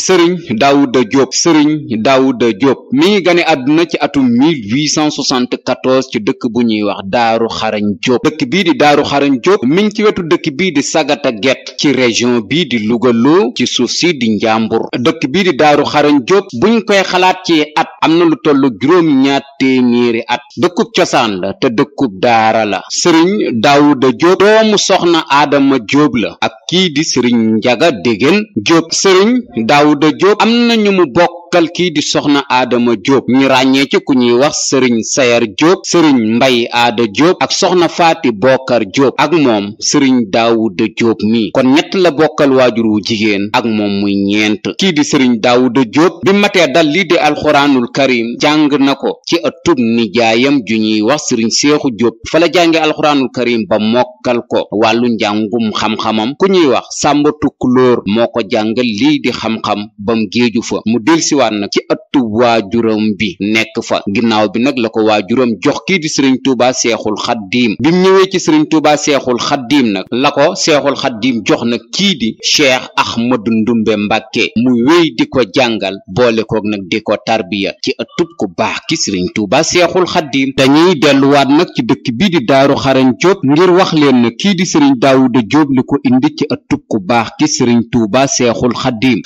sëriñ daawuda jóob sëriñ daawuda jóob mi ngi gane àdduna ci atum 1874 ci dëkk bu ñuy wax daaru xarañ jóob dëkk bii di daaru xarañ jóob mi ngi ci wetu dëkk bii di sagata get ci région bii di lugaloo ci suuf si di njàmbur dëkk bii di daaru xarañ jóob buñ koy xalaat ci at am na lu toll juróom ñaar téeméeri at dëkkub cosaan la te dëkkub daara la sëriñ daawuda jóob doomu soxna aadama jóob la ak kii di sëriñ njaga dégéen jóob sëriñ Daouda Diop am na ñu mu bokk bokkal kii di soxna aadama jóob ñu ràññee ci ku ñuy wax sëriñ sayar jóob sëriñ mbay aada jóob ak soxna faati bokkar jóob ak moom sëriñ daawuda jóob mi kon ñett la bokkal waajur wu jigéen ak moom muy ñeent kii di sëriñ daawuda jóob bi matee dal lii di alxuraanul karim jàng na ko ci ëttub nijaayam ju ñuy wax sëriñ seexu jóob fa la jànge alxuraanul karim ba mokkal ko wàllu njàngum xam-xamam ku ñuy wax sàmbatu tukulóor moo ko jàngal lii di xam-xam bam géeju fa mu delluwaat nag ci ëttu waajuram bi nekk fa ginnaaw bi nag la ko waajuram jox kii di sëriñ tuuba seexul xaddiim bi mu ñëwee ci sëriñ tuuba seexul xaddiim nag la ko seexul xaddiim jox nag kii di cheikh ahmadu ndumbe mbàkke mu wéy di ko jàngal boole koog nag di ko tarbiya ci ëttub ku baax ki sëriñ tuuba seexul xaddiim dañuy delluwaat nag ci dëkk bii di daaru xarañ jóob ngir wax leen na kii di sëriñ daawuda jóob li ko indi ci ëttub ku baax ki sëriñ tuuba seexul xaddiim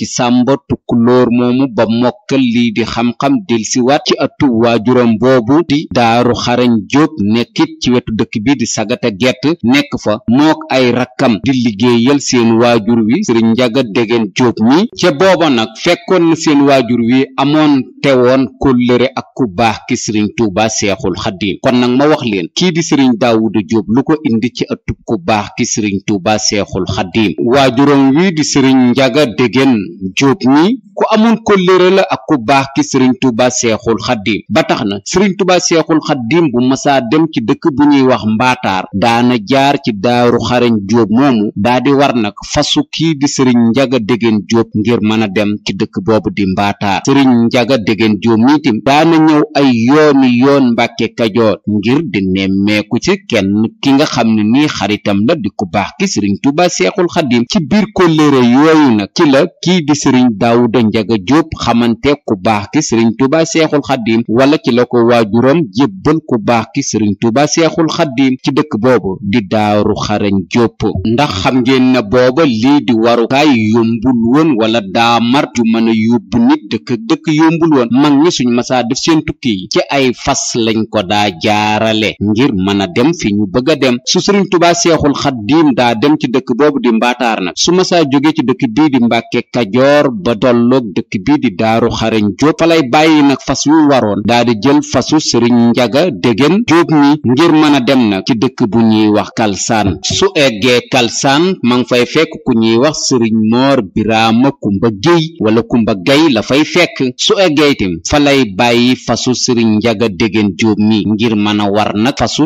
ci sàmba tukkulóor moomu ba mokkal lii di xam-xam delsiwaat ci atu waajuram boobu di daaru xarañ jóob nekkit ci wetu dëkk bi di sagata gett nekk fa mook ay rakkam di liggéeyal seen waajur wi sëriñ njaga degen jóob mi ca booba nag fekkoon na seen waajur wi amoon te tewoon kóllëre ak ku baax ki sëriñ tuuba seexul xaddiim kon nag ma wax leen kii di sëriñ daawuda jóob lu ko indi ci atub ku baax ki sëriñ tuuba seexul xaddiim waajuram wi di sëriñ njaga Diop mi ku amoon kóllëre la ak ku baax ki Serigne Touba Seexul Xaddim ba tax na Serigne Touba Seexul Xaddim bu masaa dem ci dëkk bu ñuy wax mbaataar daana jaar ci daaru xarañ Diop moomu daa di war nag fasu kii di sëriñ Njaga Dégéen Diop ngir mën a dem ci dëkk boobu di mbaataar Serigne Njaga Dégéen Diop mi daana ñëw ay yooni yoon Mbàkke Kajoor ngir di nemmeeku ci kenn ki nga xam ne nii xaritam la di ku baax ki Serigne Touba Seexul Xaddim ci biir kóllëre yooyu nag kii di sëriñ daawuda njaga jóob xamante ku baax ki sëriñ tuuba seexul xaddiim wala ci la ko waajuram jébbal ku baax ki sëriñ tuuba seexul xaddiim ci dëkk boobu di daaru xarañ jóob ndax xam ngeen na booba lii di warukaay yombul woon wala daamar ju mën a yóbbu nit dëkk dëkk yombul woon mag ñi suñ masaa def seen tukki yi ci ay fas lañ ko daa jaarale ngir mën a dem fi ñu bëgg a dem su sëriñ tuuba seexul xaddiim daa dem ci dëkk boobu di mbaataar na su masaa kajoor ba tolloog dëkk bi di daaru xarañ jóob fa lay bàyyi nag fas yu waroon daa di jël fasu sëriñ njaga dégéen jóob mi ngir mën a dem nag ci dëkk bu ñuy wax kalsaan su eggee kalsaan ma ngi fay fekk ku ñuy wax sëriñ moor biraama kumba géy wala kumba gay la fekk su eggee itam bàyyi fasu sëriñ njaga dégéen jóob mi ngir mën a war nag fasu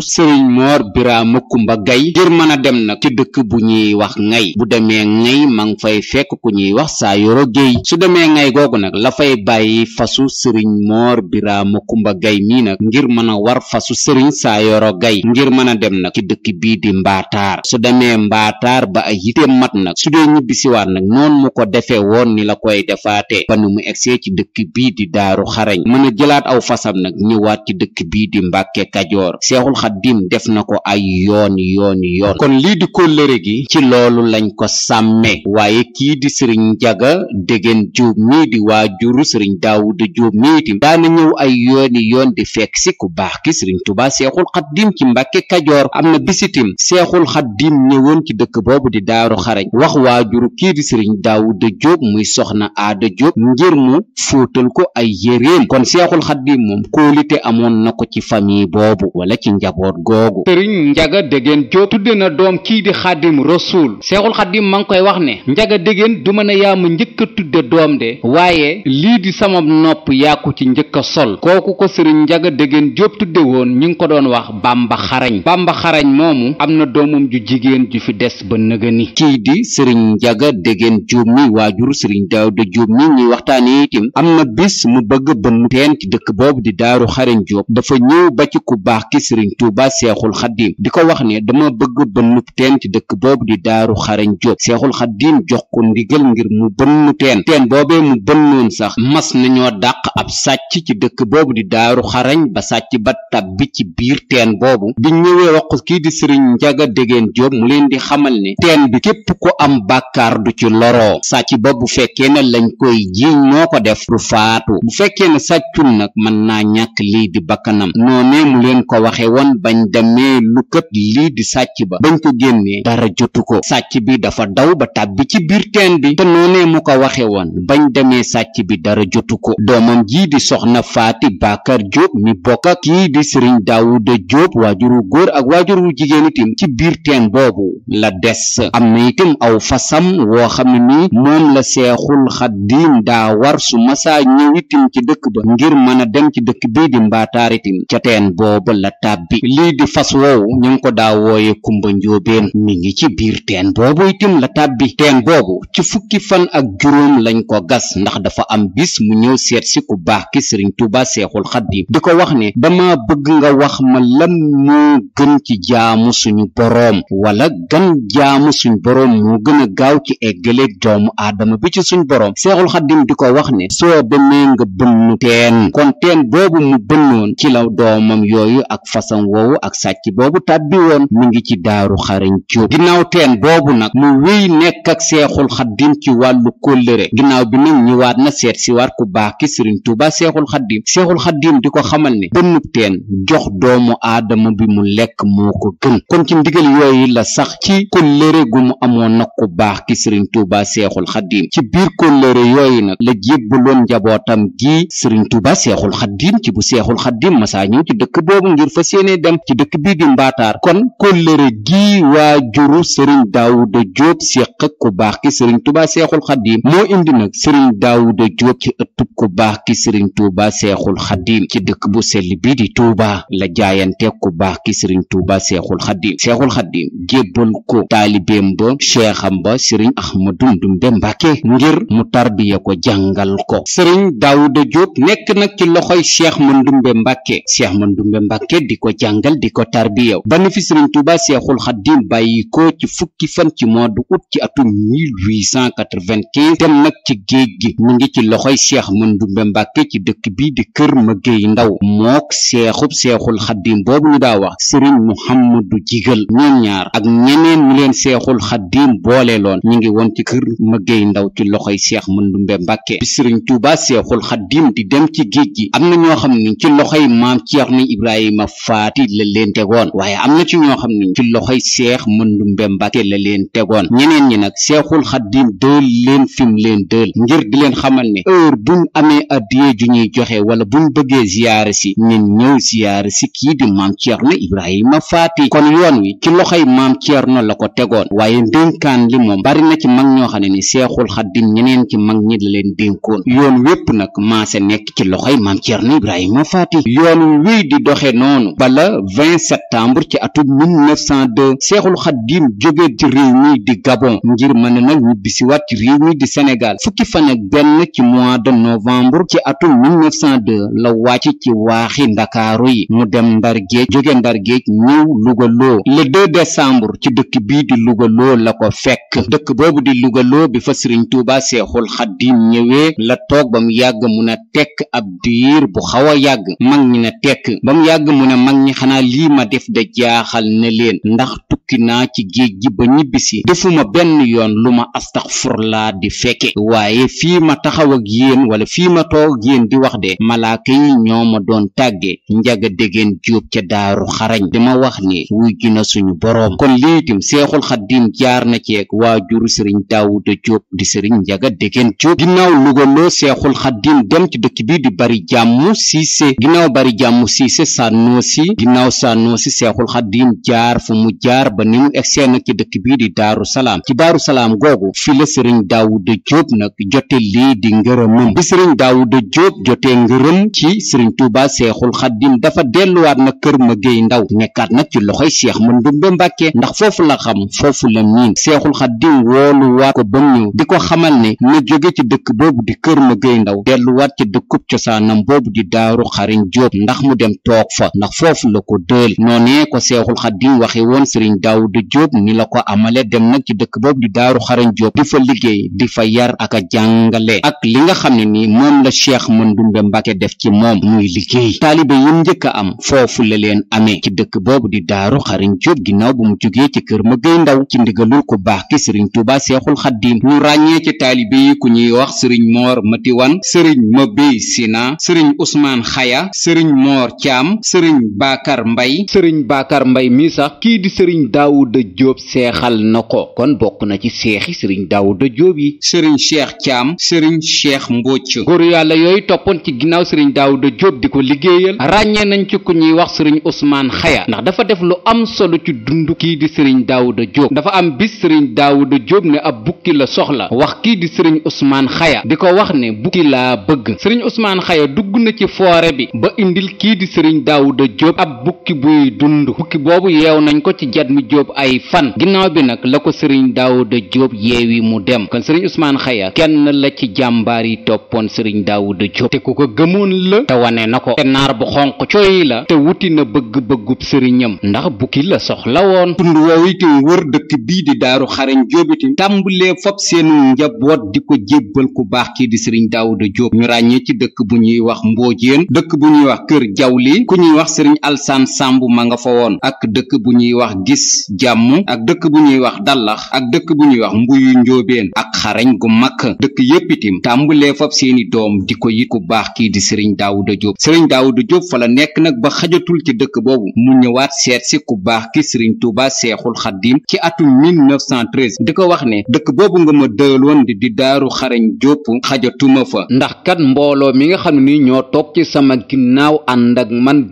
moor biraama kumba gay ngir mën dem nag ci dëkk bu ñuy wax ngay bu demee ngay ma fay fekk ku ñuy wax saa yoro géey su demee ngay googu nag la fay bàyyi fasu sëriñ moor biraama kumba gay mii nag ngir mën a war fasu sëriñ saa yoro gay ngir mën a dem nag ci dëkk bii di mbaataar su demee mbaataar ba ay yiteem mat nag su dee ñibbisiwaat nag noonu mu ko defee woon ni la koy defaatee ba nu mu egsee ci dëkk bii di daaru xarañ mën a jëlaat aw fasam nag ñëwaat ci dëkk bii di mbàkke kajoor seexul xaddim def na ko ay yoon yoon yoon kon lii di kóllëre gi ci loolu Gànjaga Ndéguène Jóob mii di waajuru sëriñ Daawuda Jóob mii itam daana ñëw ay yooni yoon di fekk si ku baax ki sëriñ Tuubaa Seexul xat Xaddiim ci Mbàkke Kajoor am na bis seexul xat Xaddiim ñëwoon ci dëkk boobu di Daaru Xarañ wax waajuru kii di sëriñ Daawuda Jóob muy soxna Aada Jóob ngir mu fóotal ko ay yéreem kon Seexul xat Xaddiim moom kóolite amoon na ko ci famille boobu wala ci njaboot googu sëriñ Njaga Ndéguène Jóob tudde doom kii di Xaadim Rasuul Seexul Xaddiim ma ngi koy wax ne Njaga Ndéguène du mën a ma njëkk a tudde doom de waaye lii di sama nopp yaa ci njëkk sol kooku ko sëriñ njaga dégéen jóob tudde woon ñu ngi ko doon wax bàmba xarañ bàmba xarañ moomu am na doomam ju jigéen ju fi des ba nëgëni kii di sëriñ njaga dégéen jóob mi waajur sëriñ daawda jóob mi ñuy waxtaane itim am na bis mu bëgg bënn teen ci dëkk boobu di daaru xariñ jóob dafa ñëw ba ci ku baax ki sëriñ tuuba seexul xaddiim di ko wax ne dama bëgg bënnub teen ci dëkk boobu di daaru xarañ bënn teen teen boobee mu bënnoon sax mas nañoo dàq ab sàcc ci dëkk boobu di daaru xarañ ba sàcc ba tàbbi ci biir teen boobu bi ñëwee wax kii di sëriñ njaga dégeen jóob mu leen di xamal ni teen bi képp ku am bàkkaar du ci loroo sàcc ba bu fekkee na lañ koy jiiñ moo ko def du faatu bu fekkee ne sàccul nag mën naa ñàkk lii di bakkanam noonee mu leen ko waxe woon bañ demee lu kët lii di sàcc ba bañ ko génnee dara jotu ko sàcc bi dafa daw ba tàbbi ci ne mu ko waxe woon bañ demee sàcc bi dara jotu ko doomam jii di soxna faati baakar jóob mi bokk ak kii di sëriñ daawuda jóob waajuru góor ak waajuru jigéen itam ci biir teen boobu la des am na itam aw fasam woo xam ne nii moom la seexul xaddiim daa war su masaa ñëw ci dëkk ba ngir mën a dem ci dëkk bii di mbaataar itam ca teen boobu la tàbbi lii di fas woowu ñu ko daa wooye kumba njóobeen mi ngi ci biir teen boobu itam la tàbbi teen boobu ci fukki fan ak juróom lañ ko gas ndax dafa am bis mu ñëw seet si ku baax ki sëriñ Tuuba Seexul Xadiim di ko wax ne dama bëgg nga wax ma lan moo gën ci jaamu suñu boroom walla gan jaamu suñu boroom moo gën a gaaw ci eggaleeg doomu aadama bi ci suñu boroom Seexul Xadiim di ko wax ni soo demee nga bënn teen kon teen boobu mu bënnoon ci la doomam yooyu ak façon woowu ak sàcc boobu tàbbi woon mi ngi ci daaru xarañ jóob ginnaaw teen boobu nag mu wéy nekk ak Seexul Xadiim wàllu kóllëre ginnaaw bi nag ñëwaat na seet si waat ku baax ki sëriñ tuuba seexul xaddim seexul xaddim di ko xamal ne bënnub teen jox doomu aadama bi mu lekk moo ko gën kon ci ndigal yooyu la sax ci kóllëre gu mu amoon nag ku baax ki sëriñ tuuba seexul xaddim ci biir kóllëre yooyu nag la jébbaloon njabootam gi sëriñ tuuba seexul xaddim ci bu seexul xaddim masaa ñëw ci dëkk boobu ngir fas yéene dem ci dëkk bii di mbaataar kon kóllëre gi waajuru sëriñ daawuda jóob séq ku baax ki sëriñ tuuba seexul Xaddim moo indi nag sëriñ Daawuda Jóob ci ëttub ku baax ki sëriñ Tuuba Seexul Xaddim ci dëkk bu sell bii di Tuuba la jaayante ku baax ki sëriñ Tuuba Seexul Xaddim Seexul Xaddim jébbal ko taalibeem ba cheexam ba sëriñ ax Ahmadu Ndumbe Mbàkke ngir mu tarbiya ko jàngal ko sëriñ Daawuda Jóob nekk nag ci loxoy cheikh Mandumbe Mbàkke cheikh Mandumbe Mbàkke di ko jàngal di ko tarbiya ba na fi sëriñ Tuuba Seexul Xaddim bàyyi ko ci fukki fan ci mois d'août ci atum 20 dem nag ci géej gi mu ngi ci loxoy seex Mandumbe Mbàkke ci dëkk bi di kër Magéey Ndaw mook seexub seexul xaddim boobu ñu daa wax sëriñ Muhammadu Jigal ñoom ñaar ak ñeneen ñu leen seexul xaddim boole loon ñu ngi woon ci kër Magéey Ndaw ci loxoy seex Mandumbe Mbàkke bi sëriñ Tuubaa seexul xaddim di dem ci géej gi am na ñoo xam ne ci loxoy maam Ceerno Ibrahima Faati la leen tegoon waaye am na ci ñoo xam ne ci loxoy seex Mandumbe Mbàkke la leen leen fim leen dël ngir di leen xamal ne heure buñ amee addiye ju ñuy joxe wala buñ bëggee ziyaare si ñen ñëw ziyaare si kii di maam Cerno Ibrahima Faati kon yoon wi ci loxoy maam Cerno la ko tegoon waaye ndénkaan li moom bari na ci mag ñoo xam ne ni seexul xaddim ñeneen ci mag ñi la leen dénkoon yoon wépp nag maase nekk ci loxoy maam Cerno Ibrahima Faati yoon wi di doxe noonu bala 27 septembre ci atum 1902 seexul xaddiim jóge ci réew mi di Gabon ngir mën nag ñibbisiwaat ci réew mi di Sénégal fukki fan benn ci mois de novembre ci atum 1902 la wàcc ci waaxi ndakaaru yi mu dem ndar géej jóge ndar géej ñëw Louga loo le 2 décembre ci dëkk bii di Louga la ko fekk dëkk boobu di Louga loo bi fa Sëriñ Tuuba seexul xaddiim ñëwee la toog ba mu yàgg mun a tekk ab diir bu xaw yàgg mag ñi na tekk ba mu yàgg mu mag ñi xanaa lii ma def def de jaaxal ne leen ndax tukki naa ci géej gi ba ñibbisi defuma benn yoon lu ma astaxfurlaa di fekke waaye fi ma taxaw ak yéen wala fii ma toog ak yéen di wax de malaaka yi ñoo ma doon tàgge njaga dégeen jóob ca daaru xarañ dama wax ni wuy na suñu boroom kon liitim seexul xaddiim jaar na ceeg waajuru sëriñ daawuda jóob di sëriñ njaga dégeen jóob ginnaaw lugaloo seexul xaddiim dem ci dëkk bi di bari jàmm siise ginnaaw bari jàmm siise sànnoosi ginnaaw seexul xaddiim jaar fu mu jaar ba ni mu egsee nag ci dëkk bii di daaru salaam ci daaru salaam googu fi la sëriñ daawuda jóob nag jote lii di ngërëmam bi sëriñ daawuda jóob jote ngërëm ci sëriñ tuuba seexul xaddiim dafa delluwaat na kër ma géey ndaw nekkaat nag ci loxoy seex ma ndumbe mbàkke ndax foofu la xam foofu la miin seexul xaddiim woolu waat ko bam ñëw di ko xamal ne na jóge ci dëkk boobu di kër ma géey ndaw delluwaat ca dëkku cosaanam boobu di daaru xariñ jóob ndax mu dem toog noonee ko seexul xaddim waxe woon sëriñ daawuda jóob ni la ko amale dem nag ci dëkk boobu di daaru xarañ jóob di fa liggéey di fa yar ak a jàngale ak li nga xam ne ni moom la cheikh mandumbe mbàkke def ci moom muy liggéey taalibe yim njëkk am foofu la leen amee ci dëkk boobu di daaru xarañ jóob ginnaaw bu mu jógee ci kër ma gay ndaw ci ndigalul ku baax ki sëriñ tuuba seexul xaddim ñu ràññee ci taalibe yi ku ñuy wax sëriñ moor matiwan sëriñ mabéy sina sëriñ usmaan xaya sëriñ moor caam sëriñ baakar sëriñ Bakar Mbay mi sax kii di sëriñ Daawuda Jóob seexal na ko kon bokk na ci seexi sëriñ Daawuda Jóob yi sëriñ Cheikh Caam sëriñ Cheikh Mbóoc góor yàlla yooyu toppoon ci ginnaaw sëriñ Daawuda Jóob di ko liggéeyal ràññee nañ ci ku ñuy wax sëriñ Ousmane Xaya ndax dafa def lu am solo ci dund kii di sëriñ Daawuda Jóob dafa am bis sëriñ Daawuda Jóob ne ab bukki la soxla wax kii di sëriñ Ousmane Xaya di ko wax ne bukki laa bëgg sëriñ Ousmane Xaya dugg na ci foore dund bukki boobu yeew nañ ko ci jat jóob ay fan ginnaaw bi nag la ko sëriñ daawuda jóob yeewi mu dem kon sëriñ Ousmane Xaya kenn la ci jàmbaar yi toppoon sëriñ daawuda jóob te ku ko gëmoon la te wane na ko te naar bu xonq cooy la te wuti na bëgg-bëggub sëriñam ndax bukki la soxla woon tund wër dëkk bii di daaru xariñ jóob itam tàmbulee fop seenu njaboot di ko jébbal ku baax kii di sëriñ daawuda jóob ñu ràññee ci dëkk bu ñuy wax mboojeen dëkk bu wax kër jawli ku ma nga fa woon ak dëkk bu ñuy wax gis jàmm ak dëkk bu ñuy wax dallax ak dëkk bu ñuy wax mbuyu njóobeen ak xarañ gu mag dëkk yépp itim tàmbulee fab seeni doom di ko yit ku baax kii di sëriñ daawuda jóob sëriñ daawuda jóob fa la nekk nag ba xajatul ci dëkk boobu mu ñëwaat seet si ku baax ki sëriñ tuuba seexul xaddim ci atum 1913 di ko wax ne dëkk boobu nga ma dëloon di di daaru xarañ jóob xajatuma fa ndax kat mbooloo mi nga xam ni ñoo toog ci sama ginnaaw ànd ak man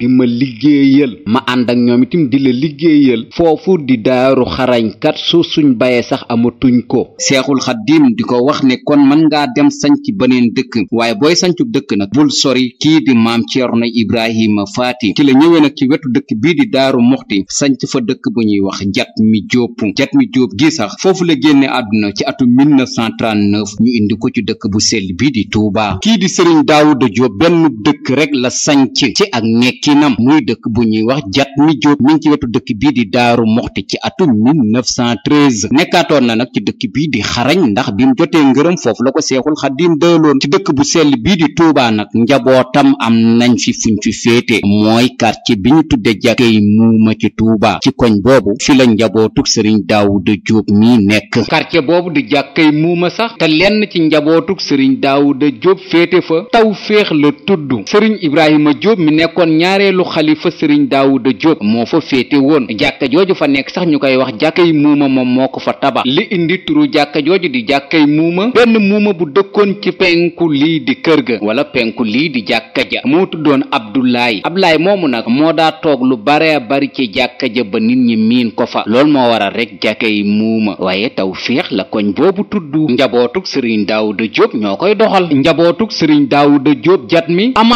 ànd ak ñoom itam di la liggéeyal foofu di daaru xarañkat suuf suñ bayee sax amatuñ ko seexul xaddim di ko wax ne kon mën ngaa dem sanc beneen dëkk waaye booy sancu dëkk nag bul sori kii di maam Ceerno Ibrahima Faati ci la ñëwee nag ci wetu dëkk bii di daaru moxti sanc fa dëkk bu ñuy wax jat mi jóob mi jóob gi sax foofu la génne àdduna ci atum 1939 ñu indi ko ci dëkk bu sell bii di Tuubaa kii di Sëriñ Daawuda Jóob benn dëkk rek la sañc ci ak nekkinam muy dëkk bu ñuy wax jat mi jóob mi ci wetu dëkk bii di daaru moxti ci atum 1913 nekkaatoon na nag ci dëkk bii di xarañ ndax bi jotee ngërëm foofu la ko seexul xaddiim dëloon ci dëkk bu sell bii di tuubaa nag njabootam am nañ fi fuñ fi féete mooy quartier bi ñu tudde jàkkey muuma ci tuubaa ci koñ boobu fi la njabootuk sëriñ daawuda jóob mi nekk karce boobu di jàkkey muuma sax te lenn ci njabootuk sëriñ daawuda jóob féete fa taw féex la tudd sëriñ ibrahima jóob mi nekkoon ñaareelu xalifa sëriñ daawuda jóob moo fa féete woon jàkka jooju fa nekk sax ñu koy wax jàkkay muuma moom moo ko fa tabax li indi turu jàkka jooju di jàkkay muuma benn muuma bu dëkkoon ci penku lii di kër ga wala penku lii di jàkka ja moo tuddoon abdulaay ablaay moomu nag moo daa toog lu bare bari ci jàkka ja ba nit ñi miin ko fa lool moo waral rek jàkkay muuma waaye taw féex la koñ boobu tudd njabootug sëriñ daawuda jóob ñoo koy doxal njabootug sëriñ daawuda jóob jat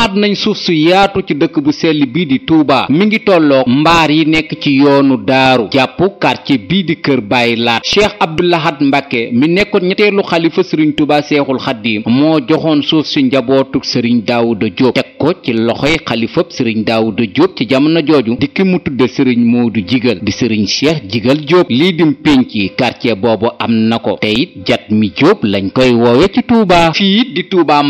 waxaat nañ suuf su yaatu ci dëkk bu sell bii di Touba mu ngi tolloog mbaar yi nekk ci yoonu daaru jàpp quartier bii di kër bàyyi Laat Cheikh Abdou Lahad Mbacke mi nekkoon ñetteelu xalifa Serigne Touba Seexul Xaddiim moo joxoon suuf si njabootuk sëriñ Daouda Diop teg ko ci loxo loxoy xalifab Serigne Daouda Diop ci jamono jooju di ki mu tudde moo Modou Jigal di Serigne Cheikh Jigal Diop lii dim pénc yi quartier boobu am na ko te jat mi Diop lañ koy woowe ci Touba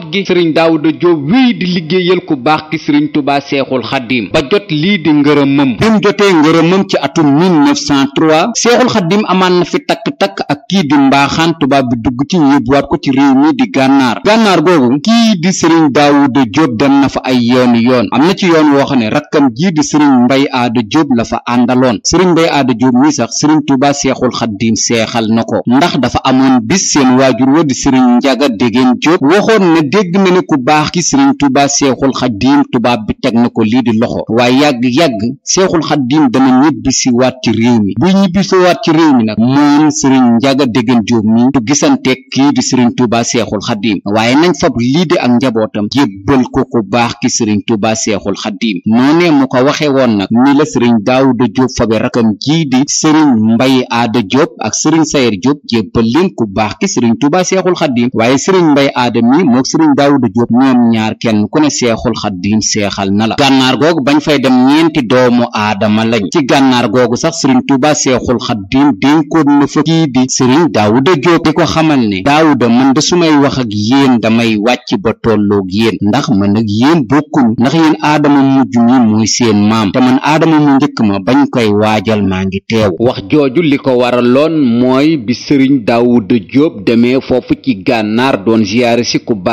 njaboot gi sëriñ daawuda jóob wéy di liggéeyal ku baax ki sëriñ tubaa seexul xaddiim ba jot lii di ngërëmam bi mu jotee ngërëmam ci atum 1903 seexul xaddiim amaan na fi takk-takk ak kii di mbaaxaan tubaab bi dugg ci yóbbuwaat ko ci réew mi di gànnaar gànnaar googu kii di sëriñ daawuda jóob dem na fa ay yoon yoon am na ci yoon woo xam ne rakkam jii di sëriñ mbay aada jóob la fa àndaloon sëriñ mbay aada jóob mi sax sëriñ tubaa seexul xaddiim seexal na ko ndax dafa amoon bis seen waajur wa di sëriñ njaga dégéen jóob waxoon ne dégg na ne ku baax ki sëriñ Tuubaa Seexul Xadiim tubaab bi teg na ko lii di loxo waaye yàgg-yàgg Seexul Xadiim dana ñibbisi waat ci réew mi buy ñibbisi waat ci réew mi nag moom sëriñ Njaga Déggan Jóob mi du gisanteeg kii di sëriñ Tuubaa Seexul Xadiim waaye nañ fab lii di ak njabootam jébbal ko ku baax ki sëriñ Tuubaa Seexul Xadiim noonee mu ko waxee woon nag ni la sëriñ Daawuda Jóob fabe rakam jii di sëriñ Mbay Aada Jóob ak sëriñ Sayer Jóob jébbal leen ku baax ki sëriñ Tuubaa Seexul Xadiim sëriñ Daawuda Jóob ñoom ñaar kenn ku ne seexul xaddiim seexal na la gànnaar googu bañ fay dem ñeenti doomu aadama lañ ci gànnaar googu sax sëriñ Tuuba seexul xaddiim dénkoon na fa kii di sëriñ Daawuda Jóob di ko xamal ne Daawuda man de sumay wax ak yéen damay wàcc ba tolloog yéen ndax man ak yéen bokkuñu ndax yéen aadama seen maam te man mu njëkk ma bañ koy waajal maa ngi teew wax jooju li ko waraloon mooy bi sëriñ Daawuda Jóob demee foofu ci gànnaar doon ziyaare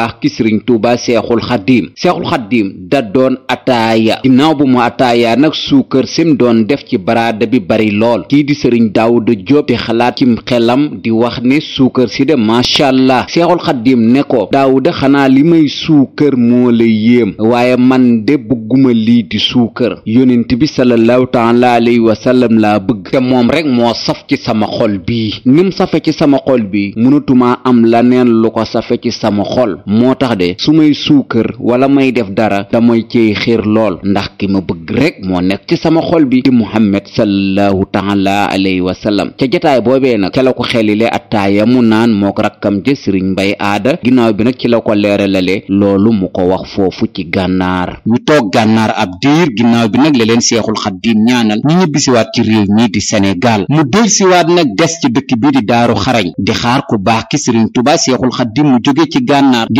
baax ki sëriñ tuuba seexul xaddiim seexul xaddiim da doon ataaya ginnaaw bu mu ataaya nag suukar sim doon def ci baraada bi bari lool kii di sëriñ daawuda jóob di xalaat cim xelam di wax ne suukar si de macha allah seexul xaddiim ne ko daawuda xanaa li may suukar moo la yéem waaye man de bëgguma lii di suukar yonent bi sallallahu taala alayhi wa sallam laa bëgg te moom rek moo saf ci sama xol bii nim safe ci sama xol bi mënatuma am la neen lu ko safe ci sama xol moo tax de su may suukar wala may def dara damay cey xiir lool ndax ki ma bëgg rek moo nekk ci sama xol bi di muhammad sallallahu taala alayhi wa sallam ca jataay boobee nag ca la ko xelile attaaya mu naan mook rakkam ja sëriñ mbay aada ginnaaw bi nag ci la ko leeralale loolu mu ko wax foofu ci gànnaar ñu toog gànnaar ab diir ginnaaw bi nag la leen seexul xaddiim ñaanal ñu ñibbisiwaat ci réew ñii di Sénégal mu delsiwaat nag des ci dëkk bi di daaru xarañ di xaar ku baax ki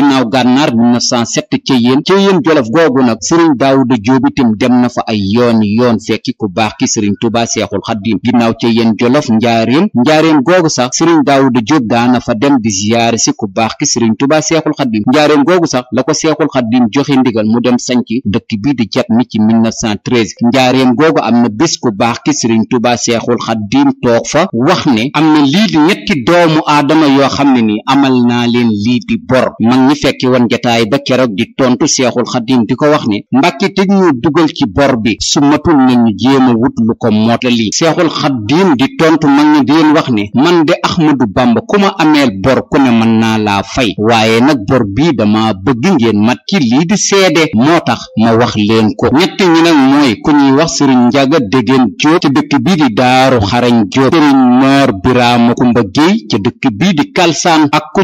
gannaaw gànnaar 1907 ca yéen ca yéen jolof googu nag sëriñ daawuda jóob itam dem na fa ay yoon yoon fekki ku baax ki sëriñ tubaa seexul xaddiim ginnaaw ca yéen jolof njaaréem njaaréem googu sax sëriñ daawuda jóob daana fa dem di ziyaare si ku baax ki sëriñ tubaa seexul xaddiim njaaréem googu sax la ko seexul xaddiim joxe ndigal mu dem sanci dëkk bi di jat mi ci 1913 googu am na bés ku baax ki sëriñ tubaa seexul xaddiim toog fa wax ne am na lii di ñetti doomu a yoo xam ne ni amal naa leen lii di bor mag ñi fekki woon jataay ba keroog di tontu seexul xadim di ko wax ne mbàkke tëj ñu dugal ci bor bi su matul nañu jéem a wut lu ko mootali seexul xadim di tontu mag ñi di leen wax ni man de Ahmadu Bamba ku ma ameel bor ku ne mën naa laa fay waaye nag bor bi dama bëgg ngeen mat ki lii di seede moo tax ma wax leen ko ñett ñi nag mooy ku ñuy wax sëriñ njaga dégéen jóob ci dëkk bi di daaru xarañ jóob sëriñ moor biraama kumba géey ci dëkk bii di kalsaan ak ku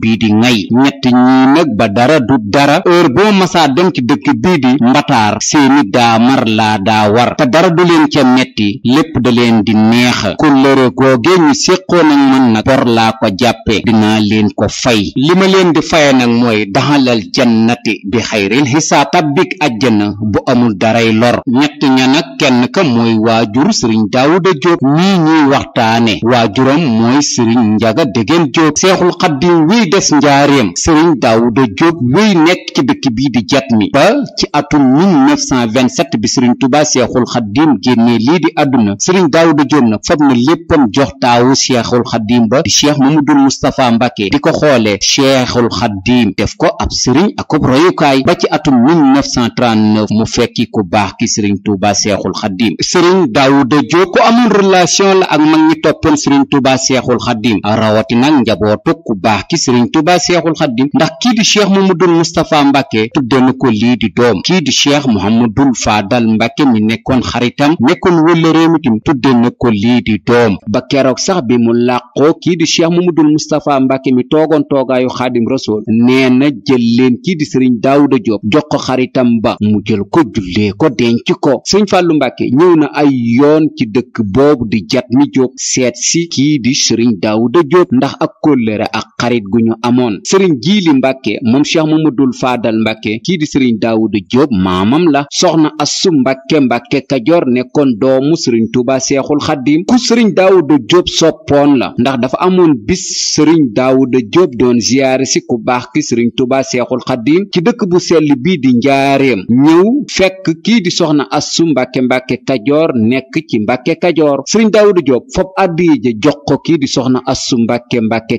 bii di ngay ñett ñii nag ba dara du dara heure boo masaa dem ci dëkk bii di mbataar seeni daamar laa daa war te dara du leen ca metti lépp da leen di neexa kóllëre googe ñu séqoon ak man nag bor laa ko jàppe dinaa leen ko fay li ma leen di faye nag mooy daxalal jannati bi xayril xisaab tabbik ajjana bu amul daray lor ñett ña nag kenn ka mooy waajur sëriñ daawuda jóob mii ñuy waxtaane waajuram mooy sëriñ njaga dégéen jóob seexul xaddim wi li des njaareem sëriñ Daawuda Jóob wéy nekk ci dëkk bii di jat mi ba ci atum 1927 bi sëriñ Tuubaa Seexul Xadiim génnee lii di adduna sëriñ Daawuda Jóob nag fab na léppam jox taawu Seexul Xadiim ba di Cheikh Mamadul Moustapha Mbàkke di ko xoolee Seexul Xadiim def ko ab sëriñ akub royukaay ba ci atum 1939 mu fekki ku baax ki sëriñ Tuubaa Seexul Xadiim sëriñ Daawuda Jóob ku amul relation la ak mag ñi toppoon sëriñ Tuubaa Seexul Xadiim rawatina njabootu ku baax ki sëriñ Tuuba ndax kii di cheikh Mamadul Moustapha Mbàkke tudde na ko lii di doom kii di cheikh mi nekkoon xaritam nekkoon wëllëreem itam tudde na ko sax bi mu kii di cheikh Mamadul Moustapha Mbàkke mi toogoon toogaayu xaadim rasul nee na jël leen kii di sëriñ Daawuda Jóob jox ko xaritam ba mu jël ko jullee ko denc ko sëñ Fàllu Mbàkke ñëw na ay yoon ci dëkk boobu di jat mi jóg seet si kii di sëriñ Daawuda Jóob ndax ak kóllëre ak xarit gu ñu amoon sëriñ jiili mbàkke moom ma mamadul faadal mbàkke kii di sëriñ daawuda jóob maamam la soxna assu mbàkke mbàkke kajoor nekkoon doomu sëriñ tuuba seexul xaddim ku sëriñ daawuda jóob soppoon la ndax dafa amoon bis sëriñ daawuda jóob doon ziyaare si ku baax ki sëriñ tuuba seexul xaddim ci dëkk bu sell bii di njaareem ñëw fekk kii di soxna assu mbàkke mbàkke kajoor nekk ci mbàkke kajoor sëriñ daawuda jóob fop addiye ja jox ko kii di soxna assu mbàkke mbàkke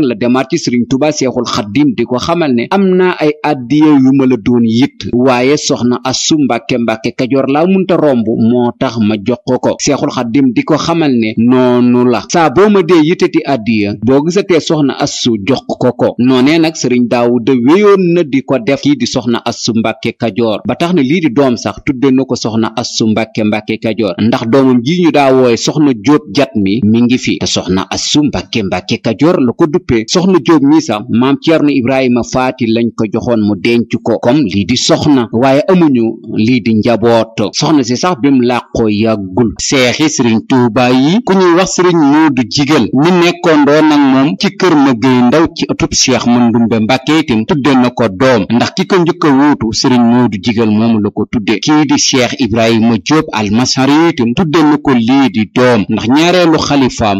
nag la demaat ci sëriñ tuba seexul xaddim di ko xamal ne am na ay addiye yu ma la doon yitt waaye soxna assu mbàkke mbàkke kajoor laa munta romb moo tax ma jox ko ko seexul xaddim di ko xamal ne noonu la saa boo ma dee yittati addiya boo gisatee soxna assu jox ko ko noonee nag sëriñ daawuda wéyoon na di ko def kii di soxna assu mbàkke kajoor ba tax na lii di doom sax tudde na ko soxna assu mbàkke mbàkke kajoor ndax doomam ji ñu daa soxna jóob jat mi duppee soxna Jóob mii sax maam Ceerno Ibrahima Faati lañ ko joxoon mu denc ko comme lii di soxna waaye amuñu lii di njaboot soxna si sax bi mu làqoo yàggul seexi sëriñ Tuubaa yi ku ñuy wax sëriñ Moodu Jigal mi nekkoondoo nag moom ci kër ma géy ndaw ci ëttub Seex Mandumbe Mbàkke itam tudde na ko doom ndax ki ko njëkk a wuutu sëriñ Moodu Jigal moomu la ko tuddee kii di Seex Ibrahima Jóob Almasari itam tudde na ko lii di doom ndax ñaareelu xalifaam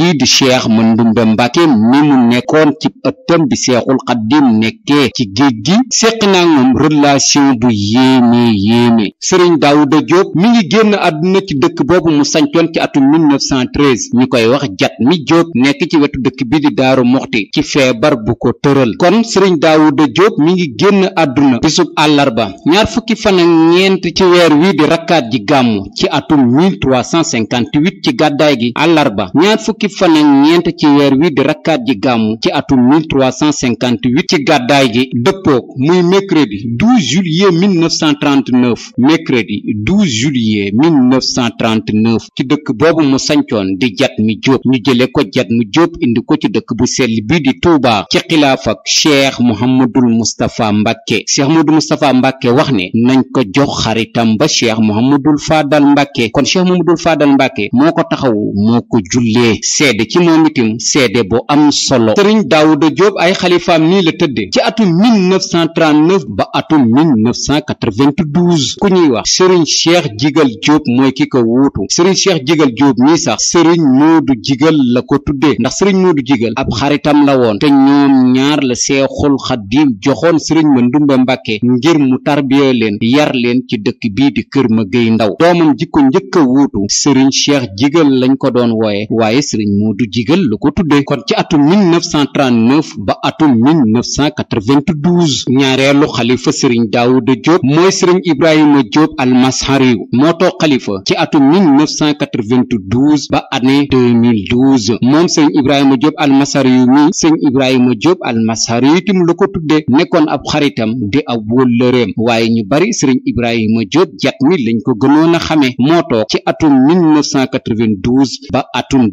kii di cheikh Mandoumbe Mbacke mi mu nekkoon ci ëttam bi seexul xaddim nekkee ci géej gi séq naa moom relation bu yéeme yéeme sëriñ Daouda Diop mi ngi génn adduna ci dëkk boobu mu sancoon ci atum 1913 ñu koy wax jat mi Diop nekk ci wetu dëkk bi di Daaru Moxti ci feebar bu ko tëral kon sëriñ Daouda Diop mi ngi génn àdduna bisub àllarba ñaar fukki fan ak ci weer wi di rakkaat ji gàmmu ci atum 1358 ci gàddaay gi àllarba ñaar fukki fan ak ñeent ci weer wi di rakkaat ji gàmmu ci atum 1358 ci gàddaay gi dëppook muy mercredi 12 juillet 1939 mercredi 12 juillet 1939 ci dëkk boobu mu sancoon di jat mi jóob ñu jële ko jat mi jóob indi ko ci dëkk bu sell bi di Touba ci xilaaf ak cheikh Mouhamadul Moustapha Mbacke cheikh Mouhamadul Moustapha Mbacke wax ne nañ ko jox xaritam ba cheikh Mouhamadul Fadal Mbacke kon cheikh Mouhamadul Fadal Mbacke moo ko taxawu moo ko jullee seede ci moom itam seede bu am solo sëriñ daawuda jóob ay xalifaam nii la tëdde ci atum 1939 ba atum 1992 ku ñuy wax sëriñ cheikh jigal jóob mooy ki ko wuutu sëriñ cheikh jigal jóob nii sax sëriñ du jigal la ko tuddee ndax sëriñ du jigal ab xaritam la woon te ñoom ñaar la seexul xaddiim joxoon sëriñ ma ndumbe mbàkke ngir mu tarbiye leen yar leen ci dëkk bii di kër ma géy ndaw doomam ji njëkk a wuutu sëriñ cheikh jigal lañ ko doon wooye waaye sëriñ Serigne du Jigal lu ko tuddee kon ci atum 1939 ba atum 1992 ñaareelu xalifa Serigne Daouda Diop mooy Serigne Ibrahima Diop almashariyu moo toog xalifa ci atum 1992 ba année 2012 moom Serigne Ibrahima Diop almashariyu mi Serigne Ibrahima Diop almashariyu itam la ko tuddee nekkoon ab xaritam di ab wóllëreem waaye ñu bari Serigne Ibrahima Diop jat mi lañ ko gënoon a xamee moo ci atum 1992 ba atum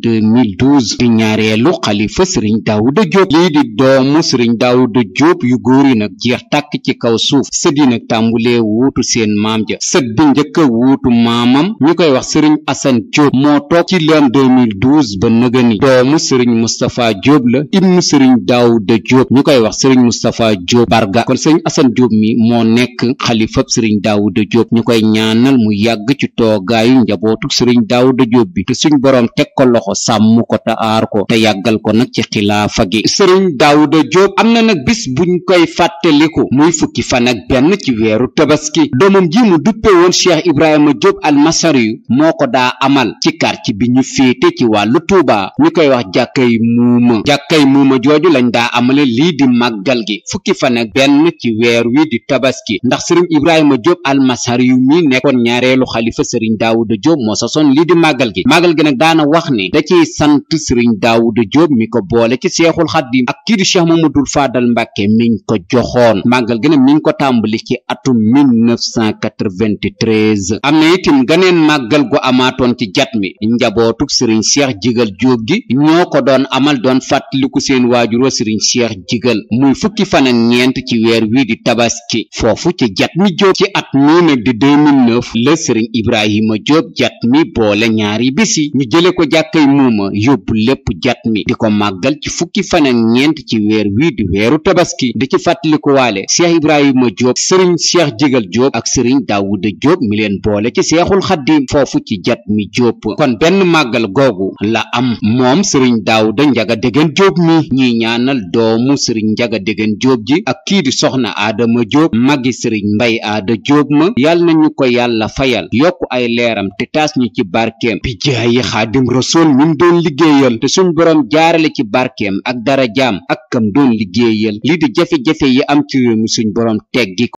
2012 ñaareelu xalifa sëriñ Daouda Diop lii di doomu sëriñ Daouda Diop yu góor yi nag jeex tàkk ci kaw suuf sët nag tàmbulee wuutu seen maam ja njëkk a maamam ñu koy wax sëriñ Assane Diop moo toog ci lam 2012 ba nëgëni doomu sëriñ Moustapha Diop la ibnu sëriñ Daouda Diop ñu koy wax sëriñ Moustapha Diop Barga kon sëriñ Assane Diop mi moo nekk xalifab sëriñ Daouda Diop ñu koy ñaanal mu yàgg ci toogaayu njabootu sëriñ Daouda Diop bi te suñ boroom teg ko loxo sàmm sàmm ko te aar ko te yàggal ko nag ci xilaafa gi sëriñ daawuda jóob am na nag bis buñ koy fàttaliku muy fukki fan ak benn ci weeru tabaski doomam ji mu duppe woon cheikh ibrahima jóob almasariyu moo ko daa amal ci quartier bi ñu féete ci wàllu tuuba ñu koy wax jàkkay muuma jàkkay muuma jooju lañ daa amale lii di màggal gi fukki fan ak benn ci weer wi di tabaski ndax sëriñ ibrahima jóob almasariyu mi nekkoon ñaareelu xalifa sëriñ daawuda jóob moo sasoon lii di màggal gi màggal gi nag daana wax ne da sant sëriñ Daawuda Jóob mi ko boole ci seexul xaddim ak kii di cheikh mamadul faadal mi miñ ko joxoon màggal mi miñ ko tàmbali ci atum 1993 am na itim ganeen màggal gu amaatoon ci jat mi njabootug sëriñ cheikh jigal jóob gi ñoo ko doon amal doon fàttaliku seen waajuroo sëriñ cheikh jigal muy fukki fan ñeent ci weer wii di tabaski foofu ci jat mi jóob ci at mii nag di 2009 la sëriñ ibrahima jóob jat mi boole ñaari bisi ñu jële ko jàkkay yóbbu lépp jat mi di ko màggal ci fukki fan ak ñeent ci weer wii di weeru tabaski di ci fàttalikuwaale seex ibrahima jóob sëriñ seex jégal jóob ak sëriñ daawuda jóob mi leen boole ci seexul xaddim foofu ci jat mi jóob kon benn màggal googu la am moom sëriñ daawuda njaga dégéen jóob mi ñi ñaanal doomu sëriñ njaga dégéen jóob ji ak kii di soxna aadama jóob magi sëriñ mbay aada jóob ma yàlla ñu ko yàlla fayal yokk ay leeram te taas ñu ci barkeem bi doon liggéeyal te suñ boroom jaarale ci barkeem ak dara jaam ak kam doon liggéeyal lii di jafe yi am ci réew suñ boroom teggi